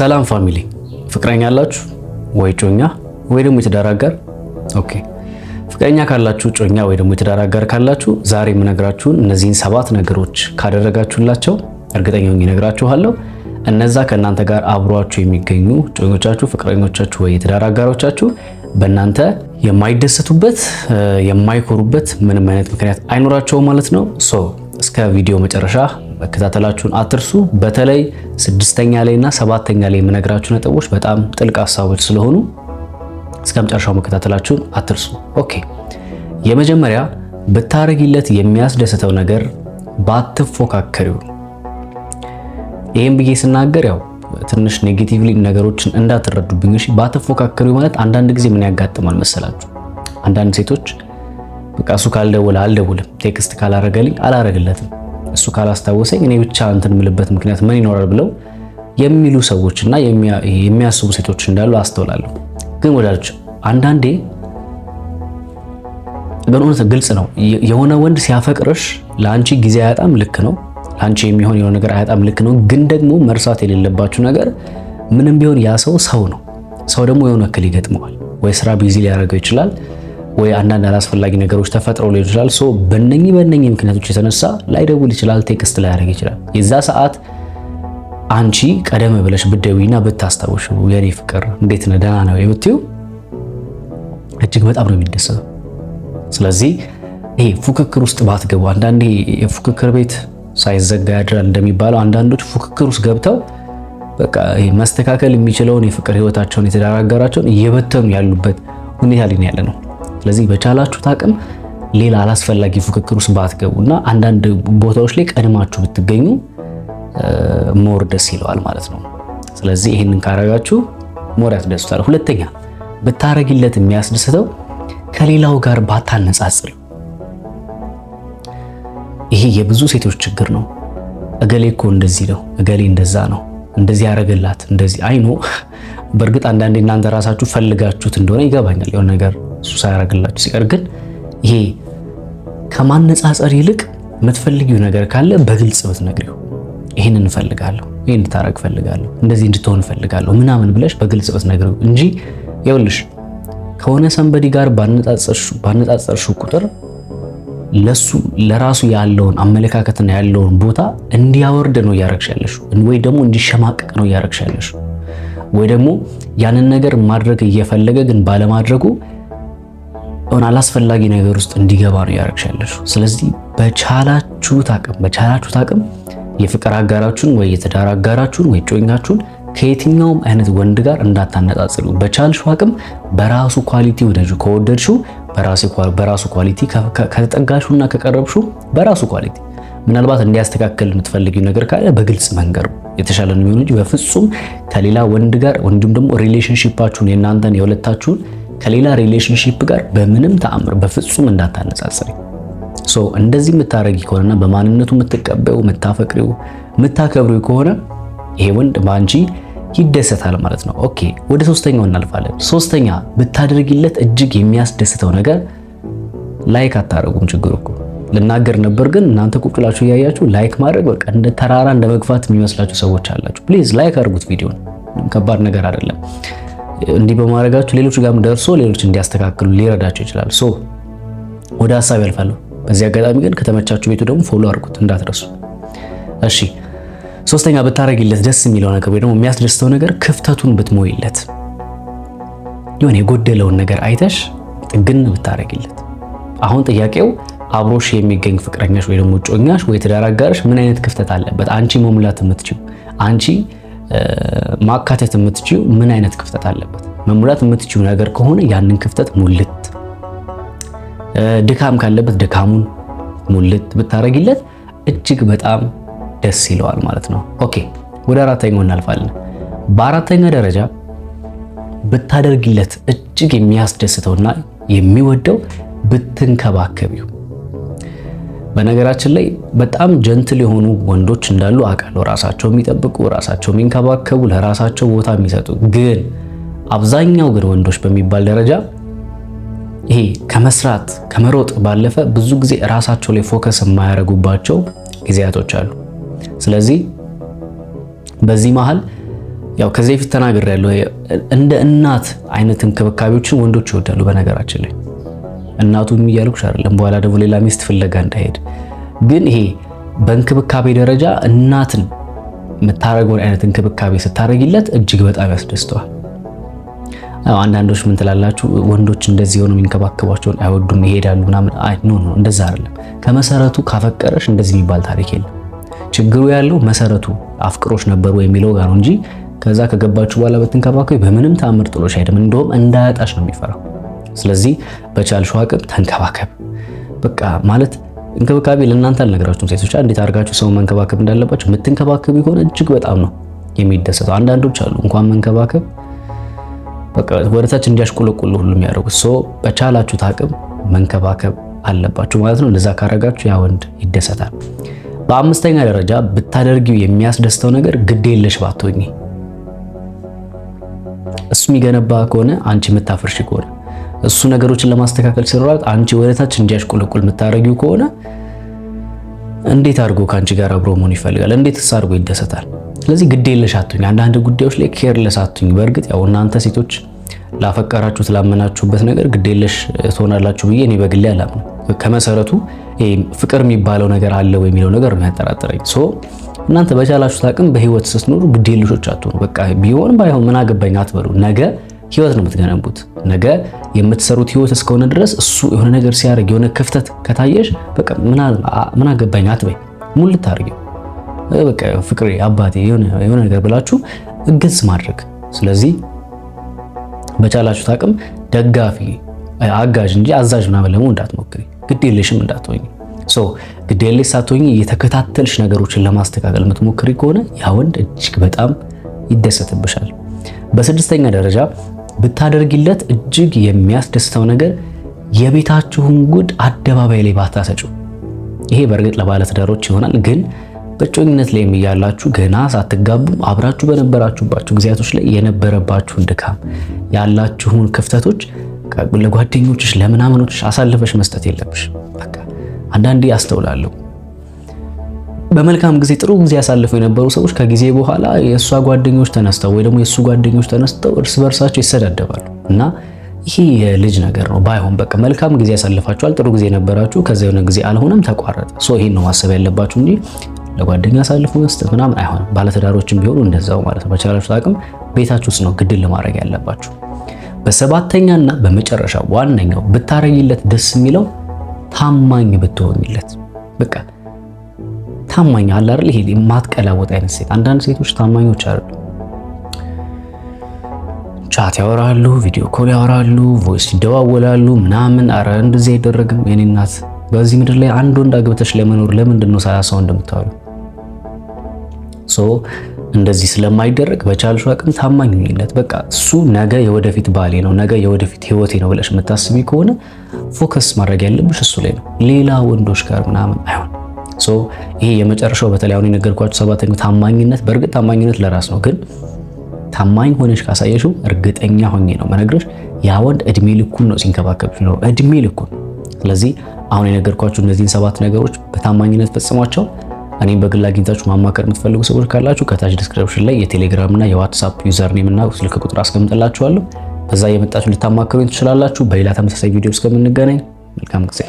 ሰላም ፋሚሊ፣ ፍቅረኛ አላችሁ ወይ ጮኛ ወይ ደግሞ የትዳር አጋር? ኦኬ ፍቅረኛ ካላችሁ ጮኛ ወይ ደግሞ የትዳር አጋር ካላችሁ ዛሬ የምነግራችሁን እነዚህን ሰባት ነገሮች ካደረጋችሁላቸው እርግጠኛ ሆኜ እነግራችኋለሁ። እነዛ ከእናንተ ጋር አብሯችሁ የሚገኙ ጮኞቻችሁ፣ ፍቅረኞቻችሁ ወይ የትዳር አጋሮቻችሁ በእናንተ የማይደሰቱበት የማይኮሩበት ምንም አይነት ምክንያት አይኖራቸውም ማለት ነው። ሶ እስከ ቪዲዮ መጨረሻ መከታተላችሁን አትርሱ። በተለይ ስድስተኛ ላይ እና ሰባተኛ ላይ የምነግራችሁ ነጥቦች በጣም ጥልቅ ሀሳቦች ስለሆኑ እስከ መጨረሻው መከታተላችሁን አትርሱ። ኦኬ፣ የመጀመሪያ ብታረጊለት የሚያስደስተው ነገር ባትፎካከሪው። ይህም ብዬ ስናገር ያው ትንሽ ኔጌቲቭሊ ነገሮችን እንዳትረዱብኝ እሺ። ባትፎካከሪው ማለት አንዳንድ ጊዜ ምን ያጋጥማል መሰላችሁ? አንዳንድ ሴቶች በቃ እሱ ካልደውል አልደውልም፣ ቴክስት ካላረገልኝ አላረግለትም እሱ ካላስታወሰኝ እኔ ብቻ እንትን ምልበት ምክንያት ምን ይኖራል ብለው የሚሉ ሰዎችና የሚያስቡ ሴቶች እንዳሉ አስተውላለሁ። ግን ወዳጆች አንዳንዴ በእውነት ግልጽ ነው፣ የሆነ ወንድ ሲያፈቅርሽ ለአንቺ ጊዜ አያጣም፣ ልክ ነው። ለአንቺ የሚሆን የሆነ ነገር አያጣም፣ ልክ ነው። ግን ደግሞ መርሳት የሌለባችሁ ነገር ምንም ቢሆን ያ ሰው ሰው ነው። ሰው ደግሞ የሆነ እክል ይገጥመዋል፣ ወይ ስራ ቢዚ ሊያደርገው ይችላል ወይ አንዳንድ አላስፈላጊ ነገሮች ተፈጥረው ሊሆን ይችላል። ሶ በነኚህ በነኚህ ምክንያቶች የተነሳ ላይደውል ይችላል፣ ቴክስት ላያደርግ ይችላል። የዛ ሰዓት አንቺ ቀደም ብለሽ ብደዊና ብታስታውሹ የኔ ፍቅር እንዴት ነህ ደህና ነው የምትይው እጅግ በጣም ነው የሚደሰተው። ስለዚህ ይሄ ፉክክር ውስጥ ባትገቡ። አንዳንዴ የፉክክር ቤት ሳይዘጋ ያድራል እንደሚባለው አንዳንዶች ፉክክር ውስጥ ገብተው በቃ ይሄ መስተካከል የሚችለውን የፍቅር ህይወታቸውን የተደራገራቸውን እየበተኑ ያሉበት ሁኔታ ላይ ያለ ነው። ስለዚህ በቻላችሁት አቅም ሌላ አላስፈላጊ ፉክክር ውስጥ ባትገቡ እና አንዳንድ ቦታዎች ላይ ቀድማችሁ ብትገኙ ሞር ደስ ይለዋል ማለት ነው። ስለዚህ ይህንን ካረጋችሁ ሞር ያስደስታል። ሁለተኛ ብታረጊለት የሚያስደስተው ከሌላው ጋር ባታነጻጽር። ይሄ የብዙ ሴቶች ችግር ነው። እገሌ እኮ እንደዚህ ነው፣ እገሌ እንደዛ ነው፣ እንደዚህ ያረገላት፣ እንደዚህ አይኖ። በእርግጥ አንዳንዴ እናንተ ራሳችሁ ፈልጋችሁት እንደሆነ ይገባኛል የሆነ ነገር እሱ ሳያደርግላችሁ ሲቀር ግን ይሄ ከማነጻጸር ይልቅ የምትፈልጊው ነገር ካለ በግልጽ ብትነግሪው ይህን እንፈልጋለሁ፣ ይህን እንድታረግ ፈልጋለሁ፣ እንደዚህ እንድትሆን እፈልጋለሁ ምናምን ብለሽ በግልጽ ብትነግሪው እንጂ ይኸውልሽ ከሆነ ሰንበዲ ጋር ባነጻጸርሽው ቁጥር ለሱ ለራሱ ያለውን አመለካከትና ያለውን ቦታ እንዲያወርድ ነው እያረግሽ ያለሽው፣ ወይ ደግሞ እንዲሸማቀቅ ነው እያረግሽ ያለሽው፣ ወይ ደግሞ ያንን ነገር ማድረግ እየፈለገ ግን ባለማድረጉ ሆነ አላስፈላጊ ነገር ውስጥ እንዲገባ ነው ያደረግሻለሽ። ስለዚህ በቻላችሁት አቅም በቻላችሁት አቅም የፍቅር አጋራችሁን ወይ የትዳር አጋራችሁን ወይ ጮኛችሁን ከየትኛውም አይነት ወንድ ጋር እንዳታነጻጽሩ። በቻልሽው አቅም በራሱ ኳሊቲ ወደጁ ከወደድሽው በራሱ ኳሊቲ ከተጠጋሹና ከቀረብሽው በራሱ ኳሊቲ ምናልባት እንዲያስተካከል የምትፈልጊው ነገር ካለ በግልጽ መንገር የተሻለ ነው የሚሆን እንጂ በፍጹም ከሌላ ወንድ ጋር ወንድም ደግሞ ሪሌሽንሺፓችሁን የእናንተን የሁለታችሁን ከሌላ ሪሌሽንሺፕ ጋር በምንም ተአምር በፍጹም እንዳታነጻጽሪ። ሶ እንደዚህ የምታረጊ ከሆነና በማንነቱ የምትቀበው የምታፈቅሪው የምታከብሪው ከሆነ ይሄ ወንድ በአንቺ ይደሰታል ማለት ነው። ኦኬ ወደ ሶስተኛው እናልፋለን። ሶስተኛ ብታደርጊለት እጅግ የሚያስደስተው ነገር ላይክ አታረጉም። ችግሩ እኮ ልናገር ነበር ግን እናንተ ቁጭ ብላችሁ እያያችሁ ላይክ ማድረግ በቃ እንደ ተራራ እንደ መግፋት የሚመስላችሁ ሰዎች አላችሁ። ፕሊዝ ላይክ አድርጉት ቪዲዮን። ከባድ ነገር አይደለም። እንዲህ በማድረጋችሁ ሌሎች ጋርም ደርሶ ሌሎች እንዲያስተካክሉ ሊረዳቸው ይችላል። ሶ ወደ ሀሳብ ያልፋለሁ። በዚህ አጋጣሚ ግን ከተመቻችሁ ቤቱ ደግሞ ፎሎ አድርጉት እንዳትረሱ። እሺ፣ ሶስተኛ ብታረጊለት ደስ የሚለው ነገር ወይ ደግሞ የሚያስደስተው ነገር ክፍተቱን ብትሞይለት፣ የሆነ የጎደለውን ነገር አይተሽ ጥግን ብታረጊለት። አሁን ጥያቄው አብሮሽ የሚገኝ ፍቅረኛሽ ወይ ደግሞ ጮኛሽ ወይ ትዳር አጋርሽ ምን አይነት ክፍተት አለበት? አንቺ መሙላት የምትችው አንቺ ማካተት የምትችው ምን አይነት ክፍተት አለበት መሙላት የምትችው ነገር ከሆነ ያንን ክፍተት ሙልት፣ ድካም ካለበት ድካሙን ሙልት ብታረጊለት እጅግ በጣም ደስ ይለዋል ማለት ነው። ኦኬ ወደ አራተኛው እናልፋለን። በአራተኛ ደረጃ ብታደርግለት እጅግ የሚያስደስተውና የሚወደው ብትንከባከቢው በነገራችን ላይ በጣም ጀንትል የሆኑ ወንዶች እንዳሉ አውቃለሁ። ራሳቸው የሚጠብቁ ራሳቸው የሚንከባከቡ ለራሳቸው ቦታ የሚሰጡ ግን አብዛኛው ግን ወንዶች በሚባል ደረጃ ይሄ ከመስራት ከመሮጥ ባለፈ ብዙ ጊዜ ራሳቸው ላይ ፎከስ የማያደርጉባቸው ጊዜያቶች አሉ። ስለዚህ በዚህ መሀል ያው ከዚህ በፊት ተናግሬያለሁ። እንደ እናት አይነት እንክብካቤዎችን ወንዶች ይወዳሉ በነገራችን ላይ እናቱም እያልኩሽ አይደለም፣ በኋላ ደግሞ ሌላ ሚስት ፍለጋ እንዳይሄድ። ግን ይሄ በእንክብካቤ ደረጃ እናትን የምታደርገውን አይነት እንክብካቤ ስታደርጊለት እጅግ በጣም ያስደስተዋል። አንዳንዶች ምን ትላላችሁ? ወንዶች እንደዚህ ሆነው የሚንከባከቧቸውን አይወዱም፣ ይሄዳሉ ምናምን። አይ ኖ ኖ፣ እንደዛ አይደለም። ከመሰረቱ ካፈቀረሽ እንደዚህ የሚባል ታሪክ የለም። ችግሩ ያለው መሰረቱ አፍቅሮች ነበሩ የሚለው ጋር ነው እንጂ ከዛ ከገባችሁ በኋላ በትንከባከቢ በምንም ታምር ጥሎሽ አይደለም። እንደውም እንዳያጣሽ ነው የሚፈራው። ስለዚህ በቻልሽው አቅም ተንከባከብ። በቃ ማለት እንክብካቤ ለእናንተ አልነግራችሁም። ሴቶች እንዴት አድርጋችሁ ሰው መንከባከብ እንዳለባችሁ የምትንከባከብ ከሆነ እጅግ በጣም ነው የሚደሰተው። አንዳንዶች አሉ እንኳን መንከባከብ በቃ ወደታች እንዲያሽቆለቁሉ ሁሉ የሚያደርጉት ሶ በቻላችሁት አቅም መንከባከብ አለባችሁ ማለት ነው። እንደዛ ካረጋችሁ ያ ወንድ ይደሰታል። በአምስተኛ ደረጃ ብታደርጊው የሚያስደስተው ነገር ግድ የለሽ ባትሆኚ፣ እሱ የሚገነባ ከሆነ አንቺ የምታፈርሽ ከሆነ እሱ ነገሮችን ለማስተካከል ሲሯጥ አንቺ ወደታች እንዲያሽቆለቁል የምታደርጊው ከሆነ እንዴት አድርጎ ከአንቺ ጋር አብሮ መሆን ይፈልጋል? እንዴትስ አድርጎ ይደሰታል? ስለዚህ ግድ አትሁኝ። አንዳንድ ጉዳዮች ላይ ኬርለስ አትሁኝ። በእርግጥ ያው እናንተ ሴቶች ላፈቀራችሁት ላመናችሁበት ነገር ግዴለሽ የለሽ ትሆናላችሁ ብዬ እኔ በግሌ አላምን። ከመሰረቱ ፍቅር የሚባለው ነገር አለ ወይ የሚለው ነገር ነው ሶ እናንተ በቻላችሁት አቅም በህይወት ስትኖሩ ግድ አትሆኑ። በቃ ቢሆን ባይሆን ምን አገባኝ አትበሉ ነገ ህይወት ነው የምትገነቡት። ነገ የምትሰሩት ህይወት እስከሆነ ድረስ እሱ የሆነ ነገር ሲያደርግ የሆነ ክፍተት ከታየሽ በቃ ምን አገባኝ አትበይ። ሙሉ ልታደርጊው በቃ ፍቅሬ፣ አባቴ የሆነ ነገር ብላችሁ እገዝ ማድረግ። ስለዚህ በቻላችሁት አቅም ደጋፊ፣ አጋዥ እንጂ አዛዥ ምናምን ለመሆን እንዳትሞክሪ፣ የለሽም እንዳትሆኝ ሶ ግዴለሽ ሳትሆኝ የተከታተልሽ ነገሮችን ለማስተካከል የምትሞክሪ ከሆነ ያ ወንድ እጅግ በጣም ይደሰትብሻል። በስድስተኛ ደረጃ ብታደርግለት እጅግ የሚያስደስተው ነገር የቤታችሁን ጉድ አደባባይ ላይ ባታሰጩ። ይሄ በእርግጥ ለባለትዳሮች ይሆናል፣ ግን በጮኝነት ላይ የሚያላችሁ ገና ሳትጋቡ አብራችሁ በነበራችሁባችሁ ጊዜያቶች ላይ የነበረባችሁን ድካም ያላችሁን ክፍተቶች ለጓደኞችሽ ለምናምኖችሽ አሳልፈሽ መስጠት የለብሽ። በቃ አንዳንዴ አስተውላለሁ በመልካም ጊዜ ጥሩ ጊዜ ያሳልፉ የነበሩ ሰዎች ከጊዜ በኋላ የእሷ ጓደኞች ተነስተው ወይ ደግሞ የእሱ ጓደኞች ተነስተው እርስ በርሳቸው ይሰዳደባሉ እና ይሄ የልጅ ነገር ነው። ባይሆን በቃ መልካም ጊዜ ያሳልፋችኋል፣ ጥሩ ጊዜ ነበራችሁ፣ ከዛ የሆነ ጊዜ አልሆነም፣ ተቋረጠ። ሶ ይሄን ነው ማሰብ ያለባችሁ እንጂ ለጓደኛ አሳልፎ መስጠት ምናምን አይሆንም። ባለትዳሮችም ቢሆኑ እንደዛው ማለት ነው። በቻላችሁት አቅም ቤታችሁ ውስጥ ነው ግድል ለማድረግ ያለባችሁ። በሰባተኛና በመጨረሻ ዋነኛው ብታረጊለት ደስ የሚለው ታማኝ ብትሆኝለት በቃ ታማኝ አለ አይደል? ይሄ የማትቀለወጥ አይነት ሴት። አንዳንድ ሴቶች ታማኞች አሉ። ቻት ያወራሉ፣ ቪዲዮ ኮል ያወራሉ፣ ቮይስ ይደዋወላሉ ምናምን። አረ እንደዚህ አይደረግም። የኔ እናት በዚህ ምድር ላይ አንድ ወንድ አግብተሽ ለመኖር ለምንድን ነው ሰላሳ ወንድ ሶ እንደዚህ ስለማይደረግ በቻልሽ አቅም ታማኝ ሁኝለት። በቃ እሱ ነገ የወደፊት ባሌ ነው፣ ነገ የወደፊት ህይወቴ ነው ብለሽ የምታስቢ ከሆነ ፎከስ ማድረግ ያለብሽ እሱ ላይ ነው። ሌላ ወንዶች ጋር ምናምን አይሆን ይሄ የመጨረሻው በተለይ አሁን የነገርኳችሁ ሰባተኛው ታማኝነት፣ በእርግጥ ታማኝነት ለራስ ነው፣ ግን ታማኝ ሆነሽ ካሳየሽው እርግጠኛ ሆኜ ነው መነግረሽ ያ ወንድ እድሜ ልኩን ነው ሲንከባከብሽ ነው እድሜ ልኩን። ስለዚህ አሁን የነገርኳችሁ እነዚህን ሰባት ነገሮች በታማኝነት ፈጽሟቸው። እኔም በግል አግኝታችሁ ማማከር የምትፈልጉ ሰዎች ካላችሁ ከታች ዲስክሪፕሽን ላይ የቴሌግራም እና የዋትሳፕ ዩዘር ኔም እና ስልክ ቁጥር አስቀምጥላችኋለሁ። በዛ የመጣችሁ ልታማከሩኝ ትችላላችሁ። በሌላ ተመሳሳይ ቪዲዮ እስከምንገናኝ መልካም ጊዜ